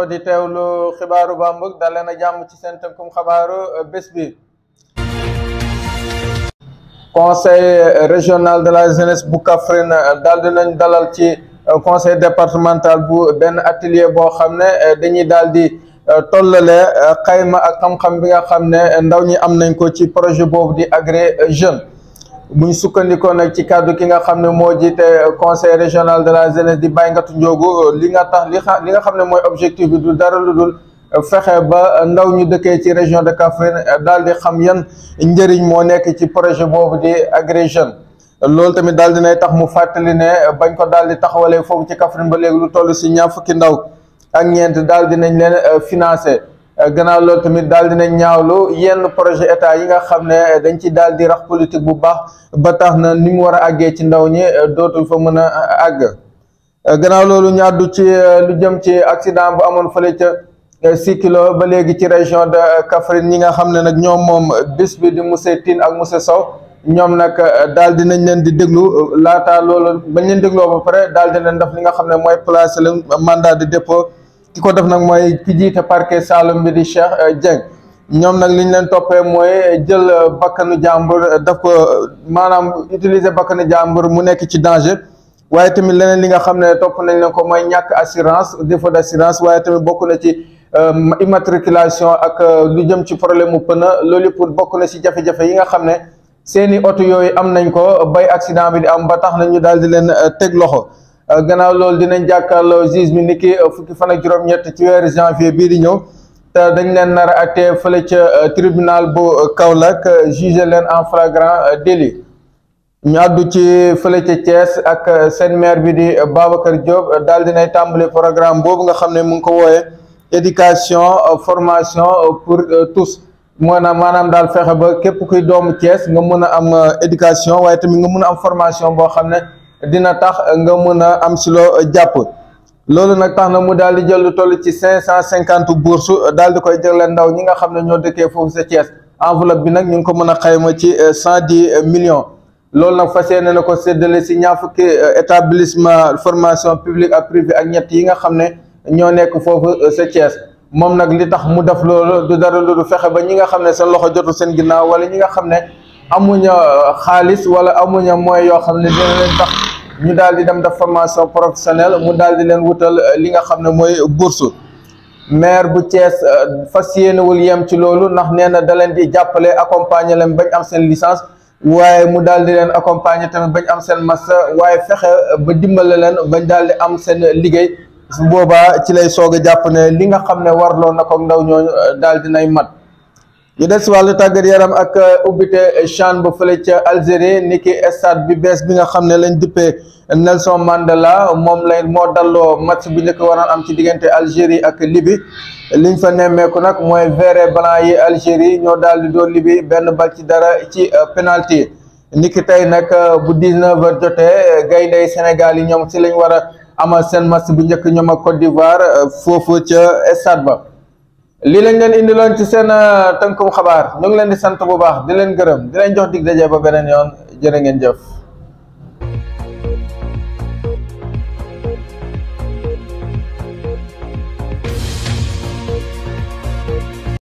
baaxoo di teewlu xibaaru bambuk dalee na jàmm ci seen tënkum xabaaru euh, bés bi conseil euh, régional de la jeunesse bu Kaffrine euh, daal di nañ dalal ci conseil départemental bu benn atelier boo xam ne dañuy daal di tollale xayma ak xam-xam bi nga xam ne ndaw ñi am nañ ko ci projet boobu di Agri Jeunes buñ sukkandikoo nag ci kàddu ki nga xam ne moo jiite conseil régional de la jeunesse di bay ngatu Ndiogou li nga tax li xa li nga xam ne mooy objectif bi du dara lu dul fexe ba ndaw ñu dëkkee ci région de Kaffrine daal di xam yan njëriñ moo nekk ci projet boobu di Agri Jeunes loolu tamit daal dinay tax mu fàttali ne bañ ko daal di taxawalee foofu ci Kaffrine ba léegi lu toll si ñaam fukki ndaw ak ñeent daal dinañ leen financé gannaaw loolu tamit daal dina ñaawlu yenn projet état yi nga xam ne dañ ci daal di rax politique bu baax ba tax na ni mu war a àggee ci ndaw ñi dootul fa mën a àgg gannaaw loolu ñu àddu ci euh, lu jëm ci accident bu amoon fële ca euh, Sikilo ba léegi ci région de Kaffrine ñi nga xam ne nag ñoom moom bis bi di monsieur Tine ak monsieur Sow ñoom nag euh, daal dinañ leen di déglu laata loolu bañ leen dégloo ba pare daal di leen def li nga xam ne mooy placé leen mandat di dëppo ki ko def nag mooy ki jiite parquet Saloum bi di Cheikh euh, Dieng ñoom nag li ñu leen toppee mooy jël euh, bakkanu jàmbur euh, daf ko maanaam utiliser bakkanu jàmbur mu nekk ci danger waaye tamit leneen li nga xam ne topp nañ leen ko mooy ñàkk assurance défaut d'assurance waaye tamit bokk na ci immatriculation ak lu jëm ci problème mu pneu loolu yëpp bokk na ci jafe-jafe yi nga xam ne seeni oto yooyu am nañ ko bay accident bi di am ba tax na ñu daal di leen teg loxo. Euh, ganaaw loolu dinañ jàkkaarloo juge bi ki euh, fukki fan ak juróom-ñett ci weeru janvier bii di ñëw te dañ leen nar a àtte fële ca euh, tribunal bu Kaolack juge leen en flagrant délit ñu àddu ci fële ca Thiès ak seen maire bi di Babacar Diop daal dinay tàmbali programme boobu nga xam ne mu ngi ko wooye éducation formation pour tous. maanaam maanaam daal fexe ba képp kuy doomu Thiès nga mën a am éducation waaye tamit nga mën a am formation boo xam ne dina tax nga mën a am si loo jàpp loolu nag tax na mu daal di jël lu toll ci cinq cent cinquante bourse daal di koy jëla ndaw ñi nga xam ne ñoo dëkkee foofu sa Thiès enveloppe bi nag ñu ngi ko mën a xayma ci euh, cent dix millions loolu nag fas yéene na ko séddale si ñaar fukki euh, établissement formation publique ak privé ak ñett yi nga xam ne ñoo nekk foofu euh, sa Thiès moom nag li tax mu def loolu du dara lu du fexe ba ñi nga xam ne seen loxo jotu seen ginnaaw wala ñi nga xam ne amuña xaalis wala amuñu moyens yoo xam ne dina leen tax. ñu daal di dem def formation professionnelle mu daal di leen wutal euh, li nga xam ne mooy bourse maire bu cees euh, fas yéenewul yem ci loolu ndax nee na da leen di jàppale accompagner leen bañ am seen licence waaye mu daal di leen accompagner tamit bañ am seen master waaye fexe euh, ba dimbale leen bañ daal am seen liggéey boobaa ci lay soog a jàpp ne li nga xam ne warloo na ko ndaw ñooñu daal di nay mat. ñu des wàllu tàggat yaram ak euh, ubbite CHAN ba fële ca Algérie niki stade bi bees bi nga xam ne lañ duppee Nelson Mandela moom lay moo dalloo match bi njëkk waroon am ci diggante Algérie ak Libye liñ fa nemmeeku nag mooy vert et blanc yi Algérie ñoo daal di dóor benn bal ci dara ci euh, penalty niki tey nag euh, bu 19 heures jotee gayndey Sénégal yi ñoom ci lañ war a amal seen match bu njëkk ñoom ak Côte d'Ivoire foofu ca stade ba. lii lañ leen indiloon ci seen euh, tënkum xabaar ñu ngi leen di sant bu baax di leen gërëm di leen jox dig daje ba beneen yoon jërë ngeen jëf.